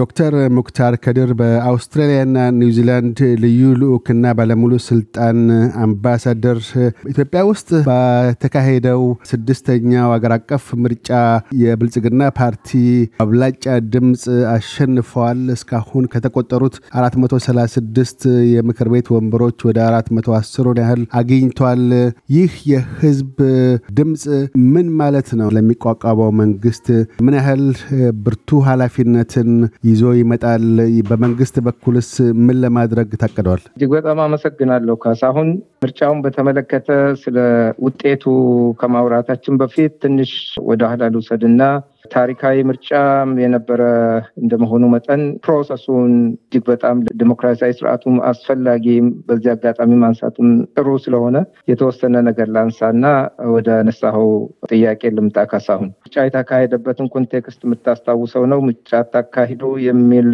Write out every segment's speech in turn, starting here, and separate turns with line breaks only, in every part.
ዶክተር ሙክታር ከድር በአውስትራሊያና ኒውዚላንድ ልዩ ልዑክና ባለሙሉ ስልጣን አምባሳደር፣ ኢትዮጵያ ውስጥ በተካሄደው ስድስተኛው አገር አቀፍ ምርጫ የብልጽግና ፓርቲ አብላጫ ድምፅ አሸንፈዋል። እስካሁን ከተቆጠሩት 436 የምክር ቤት ወንበሮች ወደ 410 ያህል አግኝቷል። ይህ የህዝብ ድምፅ ምን ማለት ነው? ለሚቋቋመው መንግስት ምን ያህል ብርቱ ኃላፊነትን ይዞ ይመጣል? በመንግስት በኩልስ ምን ለማድረግ ታቅደዋል?
እጅግ በጣም አመሰግናለሁ ካሳሁን። ምርጫውን በተመለከተ ስለ ውጤቱ ከማውራታችን በፊት ትንሽ ወደ ኋላ ልውሰድና ታሪካዊ ምርጫ የነበረ እንደመሆኑ መጠን ፕሮሰሱን እጅግ በጣም ዲሞክራሲያዊ ስርዓቱም አስፈላጊ በዚህ አጋጣሚ ማንሳትም ጥሩ ስለሆነ የተወሰነ ነገር ላንሳና ወደ ነሳኸው ጥያቄ ልምጣ። ካሳሁን ምርጫ የተካሄደበትን ኮንቴክስት የምታስታውሰው ነው። ምርጫ ታካሂዱ የሚል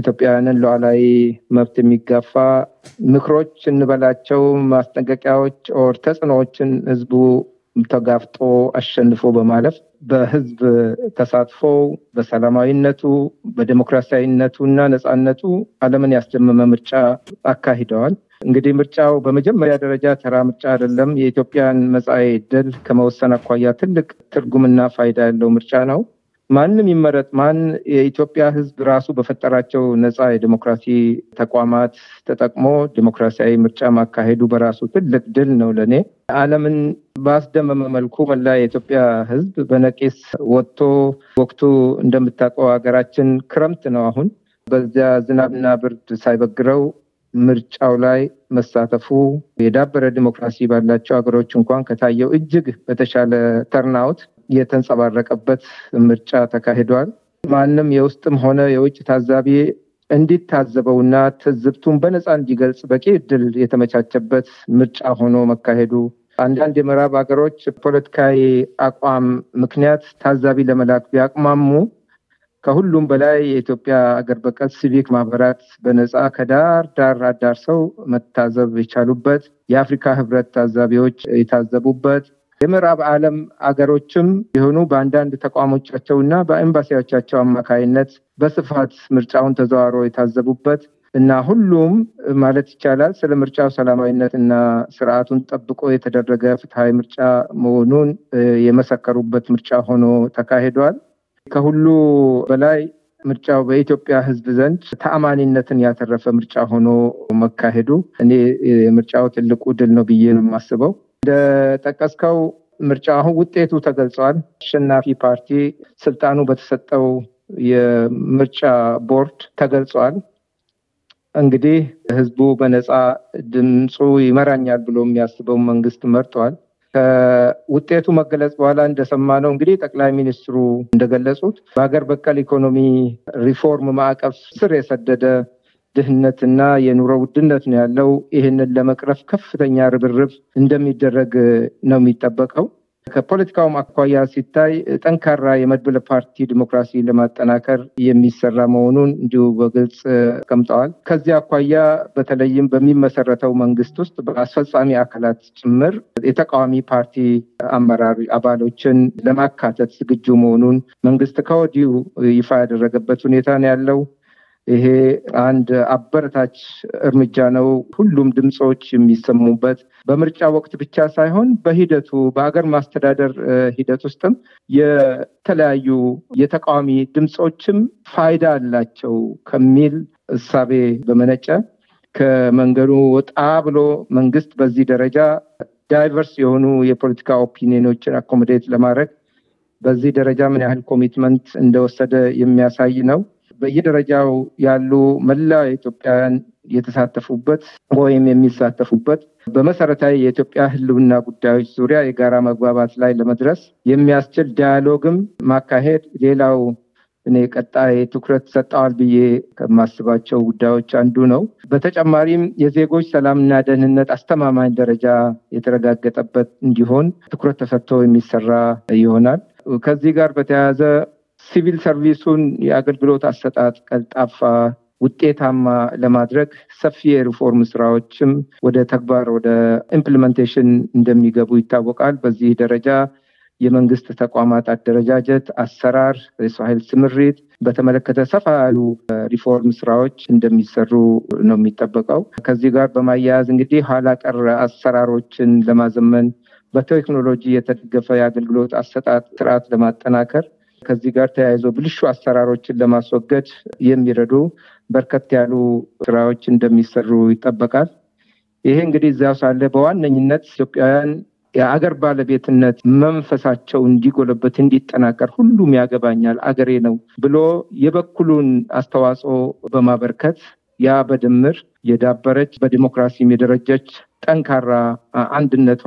ኢትዮጵያውያንን ሉዓላዊ መብት የሚጋፋ ምክሮች እንበላቸው ማስጠንቀቂያዎች ኦር ተጽዕኖዎችን ህዝቡ ተጋፍጦ አሸንፎ በማለፍ በህዝብ ተሳትፎ በሰላማዊነቱ እና ነፃነቱ አለምን ያስደመመ ምርጫ አካሂደዋል። እንግዲህ ምርጫው በመጀመሪያ ደረጃ ተራ ምርጫ አይደለም። የኢትዮጵያን መጻኤ ድል ከመወሰን አኳያ ትልቅ ትርጉምና ፋይዳ ያለው ምርጫ ነው። ማንም ይመረጥ ማን የኢትዮጵያ ህዝብ ራሱ በፈጠራቸው ነፃ የዲሞክራሲ ተቋማት ተጠቅሞ ዲሞክራሲያዊ ምርጫ ማካሄዱ በራሱ ትልቅ ድል ነው ለእኔ። አለምን ባስደመመ መልኩ መላ የኢትዮጵያ ህዝብ በነቂስ ወጥቶ ወቅቱ እንደምታውቀው ሀገራችን ክረምት ነው አሁን። በዚያ ዝናብና ብርድ ሳይበግረው ምርጫው ላይ መሳተፉ የዳበረ ዲሞክራሲ ባላቸው ሀገሮች እንኳን ከታየው እጅግ በተሻለ ተርናውት የተንጸባረቀበት ምርጫ ተካሂዷል። ማንም የውስጥም ሆነ የውጭ ታዛቢ እንዲታዘበውና ትዝብቱን በነፃ እንዲገልጽ በቂ እድል የተመቻቸበት ምርጫ ሆኖ መካሄዱ አንዳንድ የምዕራብ ሀገሮች ፖለቲካዊ አቋም ምክንያት ታዛቢ ለመላክ ቢያቅማሙ ከሁሉም በላይ የኢትዮጵያ አገር በቀል ሲቪክ ማህበራት በነፃ ከዳር ዳር አዳር ሰው መታዘብ የቻሉበት የአፍሪካ ህብረት ታዛቢዎች የታዘቡበት የምዕራብ ዓለም አገሮችም የሆኑ በአንዳንድ ተቋሞቻቸው ና በኤምባሲዎቻቸው አማካይነት በስፋት ምርጫውን ተዘዋሮ የታዘቡበት እና ሁሉም ማለት ይቻላል ስለ ምርጫው ሰላማዊነት እና ስርዓቱን ጠብቆ የተደረገ ፍትሐዊ ምርጫ መሆኑን የመሰከሩበት ምርጫ ሆኖ ተካሂዷል። ከሁሉ በላይ ምርጫው በኢትዮጵያ ህዝብ ዘንድ ተአማኒነትን ያተረፈ ምርጫ ሆኖ መካሄዱ እኔ የምርጫው ትልቁ ድል ነው ብዬ ነው የማስበው። እንደጠቀስከው ምርጫ አሁን ውጤቱ ተገልጿል። አሸናፊ ፓርቲ ስልጣኑ በተሰጠው የምርጫ ቦርድ ተገልጿል። እንግዲህ ህዝቡ በነፃ ድምፁ ይመራኛል ብሎ የሚያስበው መንግስት መርጧል። ከውጤቱ መገለጽ በኋላ እንደሰማ ነው እንግዲህ ጠቅላይ ሚኒስትሩ እንደገለጹት በሀገር በቀል ኢኮኖሚ ሪፎርም ማዕቀፍ ስር የሰደደ ድህነትና የኑሮ ውድነት ነው ያለው። ይህንን ለመቅረፍ ከፍተኛ ርብርብ እንደሚደረግ ነው የሚጠበቀው። ከፖለቲካውም አኳያ ሲታይ ጠንካራ የመድብለ ፓርቲ ዲሞክራሲ ለማጠናከር የሚሰራ መሆኑን እንዲሁ በግልጽ ቀምጠዋል። ከዚህ አኳያ በተለይም በሚመሰረተው መንግስት ውስጥ በአስፈጻሚ አካላት ጭምር የተቃዋሚ ፓርቲ አመራር አባሎችን ለማካተት ዝግጁ መሆኑን መንግስት ከወዲሁ ይፋ ያደረገበት ሁኔታ ነው ያለው። ይሄ አንድ አበረታች እርምጃ ነው። ሁሉም ድምፆች የሚሰሙበት በምርጫ ወቅት ብቻ ሳይሆን በሂደቱ በሀገር ማስተዳደር ሂደት ውስጥም የተለያዩ የተቃዋሚ ድምፆችም ፋይዳ አላቸው ከሚል እሳቤ በመነጨ ከመንገዱ ወጣ ብሎ መንግስት በዚህ ደረጃ ዳይቨርስ የሆኑ የፖለቲካ ኦፒኒዮኖችን አኮሞዴት ለማድረግ በዚህ ደረጃ ምን ያህል ኮሚትመንት እንደወሰደ የሚያሳይ ነው። በየደረጃው ያሉ መላ ኢትዮጵያውያን የተሳተፉበት ወይም የሚሳተፉበት በመሰረታዊ የኢትዮጵያ ህልውና ጉዳዮች ዙሪያ የጋራ መግባባት ላይ ለመድረስ የሚያስችል ዳያሎግም ማካሄድ ሌላው እኔ ቀጣይ ትኩረት ሰጠዋል ብዬ ከማስባቸው ጉዳዮች አንዱ ነው። በተጨማሪም የዜጎች ሰላምና ደህንነት አስተማማኝ ደረጃ የተረጋገጠበት እንዲሆን ትኩረት ተሰጥቶ የሚሰራ ይሆናል። ከዚህ ጋር በተያያዘ ሲቪል ሰርቪሱን የአገልግሎት አሰጣጥ ቀልጣፋ ውጤታማ ለማድረግ ሰፊ የሪፎርም ስራዎችም ወደ ተግባር ወደ ኢምፕሊመንቴሽን እንደሚገቡ ይታወቃል። በዚህ ደረጃ የመንግስት ተቋማት አደረጃጀት፣ አሰራር፣ የሰው ኃይል ስምሪት በተመለከተ ሰፋ ያሉ ሪፎርም ስራዎች እንደሚሰሩ ነው የሚጠበቀው። ከዚህ ጋር በማያያዝ እንግዲህ ኋላ ቀር አሰራሮችን ለማዘመን በቴክኖሎጂ የተደገፈ የአገልግሎት አሰጣት ስርዓት ለማጠናከር ከዚህ ጋር ተያይዞ ብልሹ አሰራሮችን ለማስወገድ የሚረዱ በርከት ያሉ ስራዎች እንደሚሰሩ ይጠበቃል። ይሄ እንግዲህ እዚያው ሳለ በዋነኝነት ኢትዮጵያውያን የአገር ባለቤትነት መንፈሳቸው እንዲጎለበት እንዲጠናቀር ሁሉም ያገባኛል አገሬ ነው ብሎ የበኩሉን አስተዋጽኦ በማበርከት ያ በድምር የዳበረች በዲሞክራሲም የደረጀች ጠንካራ አንድነቷ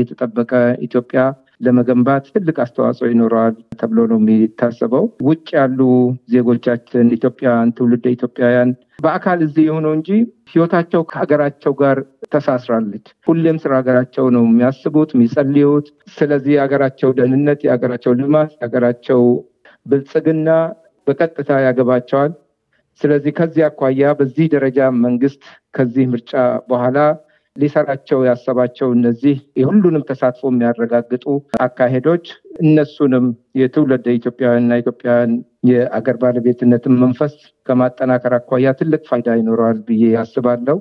የተጠበቀ ኢትዮጵያ ለመገንባት ትልቅ አስተዋጽኦ ይኖረዋል ተብሎ ነው የሚታሰበው። ውጭ ያሉ ዜጎቻችን ኢትዮጵያውያን፣ ትውልደ ኢትዮጵያውያን በአካል እዚህ የሆነው እንጂ ህይወታቸው ከሀገራቸው ጋር ተሳስራለች። ሁሌም ስለ ሀገራቸው ነው የሚያስቡት፣ የሚጸልዩት። ስለዚህ የሀገራቸው ደህንነት፣ የሀገራቸው ልማት፣ የሀገራቸው ብልጽግና በቀጥታ ያገባቸዋል። ስለዚህ ከዚህ አኳያ በዚህ ደረጃ መንግስት ከዚህ ምርጫ በኋላ ሊሰራቸው ያሰባቸው እነዚህ የሁሉንም ተሳትፎ የሚያረጋግጡ አካሄዶች እነሱንም የትውልድ ኢትዮጵያውያንና ኢትዮጵያውያን የአገር ባለቤትነትን መንፈስ ከማጠናከር አኳያ ትልቅ ፋይዳ ይኖረዋል ብዬ ያስባለው።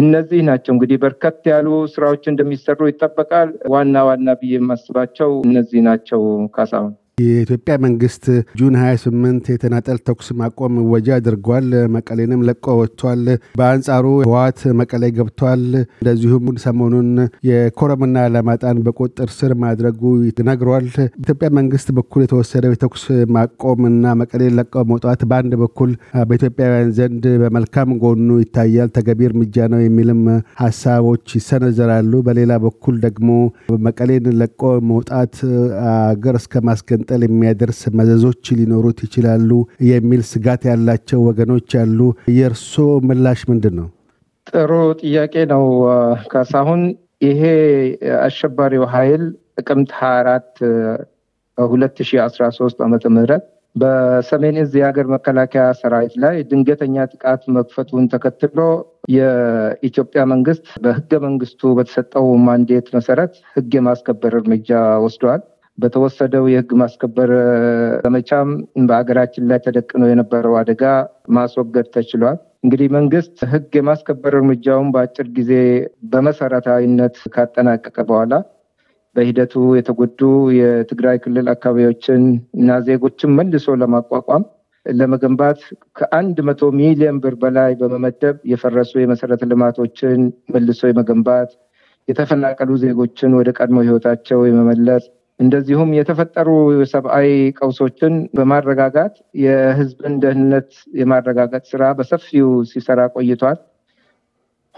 እነዚህ ናቸው እንግዲህ በርከት ያሉ ስራዎች እንደሚሰሩ ይጠበቃል። ዋና ዋና ብዬ የማስባቸው እነዚህ ናቸው ካሳሁን።
የኢትዮጵያ መንግስት ጁን 28 የተናጠል ተኩስ ማቆም ወጃ አድርጓል። መቀሌንም ለቆ ወጥቷል። በአንጻሩ ህወሓት መቀሌ ገብቷል። እንደዚሁም ሰሞኑን የኮረምና አላማጣን በቁጥጥር ስር ማድረጉ ተነግሯል። ኢትዮጵያ መንግስት በኩል የተወሰደው የተኩስ ማቆምና መቀሌ ለቆ መውጣት በአንድ በኩል በኢትዮጵያውያን ዘንድ በመልካም ጎኑ ይታያል፣ ተገቢ እርምጃ ነው የሚልም ሀሳቦች ይሰነዘራሉ። በሌላ በኩል ደግሞ መቀሌን ለቆ መውጣት አገር እስከ ማስገ መገንጠል የሚያደርስ መዘዞች ሊኖሩት ይችላሉ የሚል ስጋት ያላቸው ወገኖች አሉ። የእርስዎ ምላሽ ምንድን ነው?
ጥሩ ጥያቄ ነው ካሳሁን። ይሄ አሸባሪው ኃይል ጥቅምት 24 2013 ዓ ም በሰሜን እዝ የሀገር መከላከያ ሰራዊት ላይ ድንገተኛ ጥቃት መክፈቱን ተከትሎ የኢትዮጵያ መንግስት በህገ መንግስቱ በተሰጠው ማንዴት መሰረት ህግ የማስከበር እርምጃ ወስደዋል። በተወሰደው የህግ ማስከበር ዘመቻም በሀገራችን ላይ ተደቅኖ የነበረው አደጋ ማስወገድ ተችሏል። እንግዲህ መንግስት ህግ የማስከበር እርምጃውን በአጭር ጊዜ በመሰረታዊነት ካጠናቀቀ በኋላ በሂደቱ የተጎዱ የትግራይ ክልል አካባቢዎችን እና ዜጎችን መልሶ ለማቋቋም ለመገንባት ከአንድ መቶ ሚሊዮን ብር በላይ በመመደብ የፈረሱ የመሰረተ ልማቶችን መልሶ የመገንባት የተፈናቀሉ ዜጎችን ወደ ቀድሞ ህይወታቸው የመመለስ እንደዚሁም የተፈጠሩ ሰብአዊ ቀውሶችን በማረጋጋት የህዝብን ደህንነት የማረጋገጥ ስራ በሰፊው ሲሰራ ቆይቷል።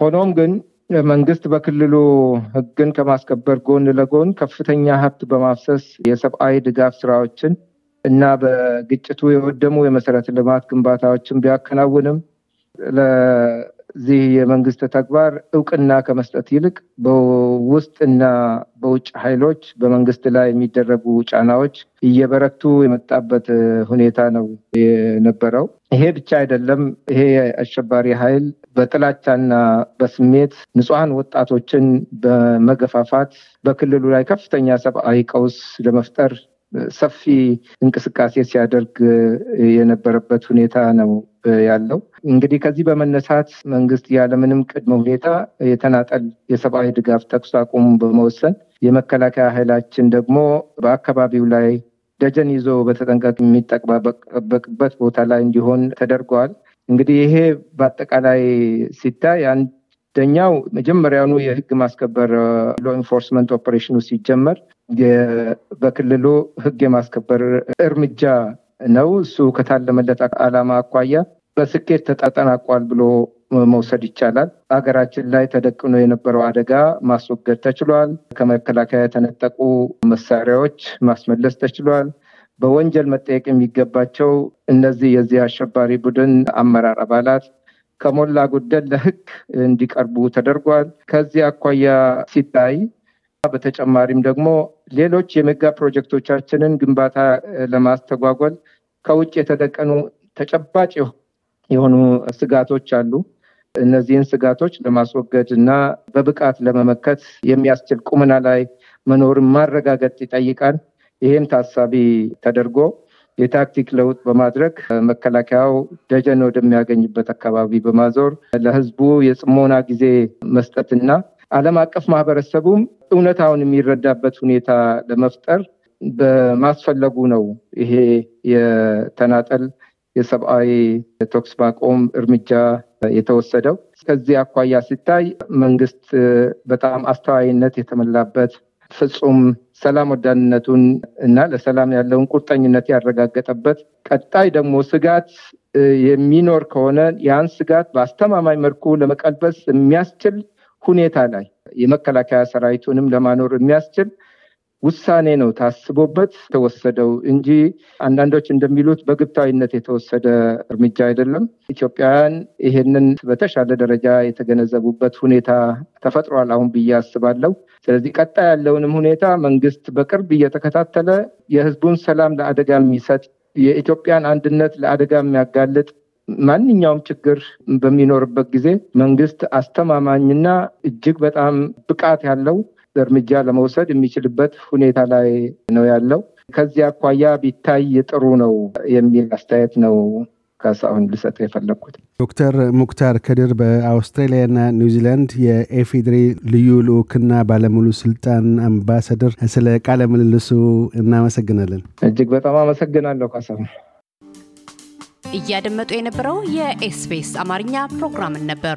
ሆኖም ግን መንግስት በክልሉ ህግን ከማስከበር ጎን ለጎን ከፍተኛ ሀብት በማፍሰስ የሰብአዊ ድጋፍ ስራዎችን እና በግጭቱ የወደሙ የመሰረተ ልማት ግንባታዎችን ቢያከናውንም እዚህ የመንግስት ተግባር እውቅና ከመስጠት ይልቅ በውስጥና በውጭ ኃይሎች በመንግስት ላይ የሚደረጉ ጫናዎች እየበረቱ የመጣበት ሁኔታ ነው የነበረው። ይሄ ብቻ አይደለም። ይሄ አሸባሪ ኃይል በጥላቻና በስሜት ንጹሐን ወጣቶችን በመገፋፋት በክልሉ ላይ ከፍተኛ ሰብአዊ ቀውስ ለመፍጠር ሰፊ እንቅስቃሴ ሲያደርግ የነበረበት ሁኔታ ነው ያለው። እንግዲህ ከዚህ በመነሳት መንግስት ያለምንም ቅድመ ሁኔታ የተናጠል የሰብአዊ ድጋፍ ተኩስ አቁም በመወሰን የመከላከያ ኃይላችን ደግሞ በአካባቢው ላይ ደጀን ይዞ በተጠንቀቅ የሚጠባበቅበት ቦታ ላይ እንዲሆን ተደርገዋል። እንግዲህ ይሄ በአጠቃላይ ሲታይ አንድ አንደኛው መጀመሪያኑ የህግ ማስከበር ሎ ኢንፎርስመንት ኦፕሬሽኑ ሲጀመር በክልሉ ህግ የማስከበር እርምጃ ነው። እሱ ከታለመለት አላማ አኳያ በስኬት ተጠናቋል ብሎ መውሰድ ይቻላል። ሀገራችን ላይ ተደቅኖ የነበረው አደጋ ማስወገድ ተችሏል። ከመከላከያ የተነጠቁ መሳሪያዎች ማስመለስ ተችሏል። በወንጀል መጠየቅ የሚገባቸው እነዚህ የዚህ አሸባሪ ቡድን አመራር አባላት ከሞላ ጎደል ለህግ እንዲቀርቡ ተደርጓል። ከዚህ አኳያ ሲታይ በተጨማሪም ደግሞ ሌሎች የሜጋ ፕሮጀክቶቻችንን ግንባታ ለማስተጓጎል ከውጭ የተደቀኑ ተጨባጭ የሆኑ ስጋቶች አሉ። እነዚህን ስጋቶች ለማስወገድ እና በብቃት ለመመከት የሚያስችል ቁመና ላይ መኖርን ማረጋገጥ ይጠይቃል። ይህም ታሳቢ ተደርጎ የታክቲክ ለውጥ በማድረግ መከላከያው ደጀን ወደሚያገኝበት አካባቢ በማዞር ለህዝቡ የጽሞና ጊዜ መስጠትና አለም አቀፍ ማህበረሰቡም እውነታውን የሚረዳበት ሁኔታ ለመፍጠር በማስፈለጉ ነው። ይሄ የተናጠል የሰብአዊ ቶክስ ማቆም እርምጃ የተወሰደው። ከዚህ አኳያ ሲታይ መንግስት በጣም አስተዋይነት የተሞላበት ፍጹም ሰላም ወዳንነቱን እና ለሰላም ያለውን ቁርጠኝነት ያረጋገጠበት ቀጣይ ደግሞ ስጋት የሚኖር ከሆነ ያን ስጋት በአስተማማኝ መልኩ ለመቀልበስ የሚያስችል ሁኔታ ላይ የመከላከያ ሰራዊቱንም ለማኖር የሚያስችል ውሳኔ ነው ታስቦበት ተወሰደው እንጂ አንዳንዶች እንደሚሉት በግብታዊነት የተወሰደ እርምጃ አይደለም። ኢትዮጵያውያን ይሄንን በተሻለ ደረጃ የተገነዘቡበት ሁኔታ ተፈጥሯል አሁን ብዬ አስባለሁ። ስለዚህ ቀጣይ ያለውንም ሁኔታ መንግስት በቅርብ እየተከታተለ የህዝቡን ሰላም ለአደጋ የሚሰጥ የኢትዮጵያን አንድነት ለአደጋ የሚያጋልጥ ማንኛውም ችግር በሚኖርበት ጊዜ መንግስት አስተማማኝና እጅግ በጣም ብቃት ያለው እርምጃ ለመውሰድ የሚችልበት ሁኔታ ላይ ነው ያለው። ከዚህ አኳያ ቢታይ ጥሩ ነው የሚል አስተያየት ነው ካሳሁን ልሰጥ የፈለግኩት።
ዶክተር ሙክታር ከድር በአውስትራሊያና ኒውዚላንድ የኤፌድሪ ልዩ ልዑክና ባለሙሉ ስልጣን አምባሳደር፣ ስለ ቃለ ምልልሱ እናመሰግናለን።
እጅግ በጣም አመሰግናለሁ ካሳሁን።
እያደመጡ የነበረው የኤስፔስ አማርኛ ፕሮግራምን ነበር።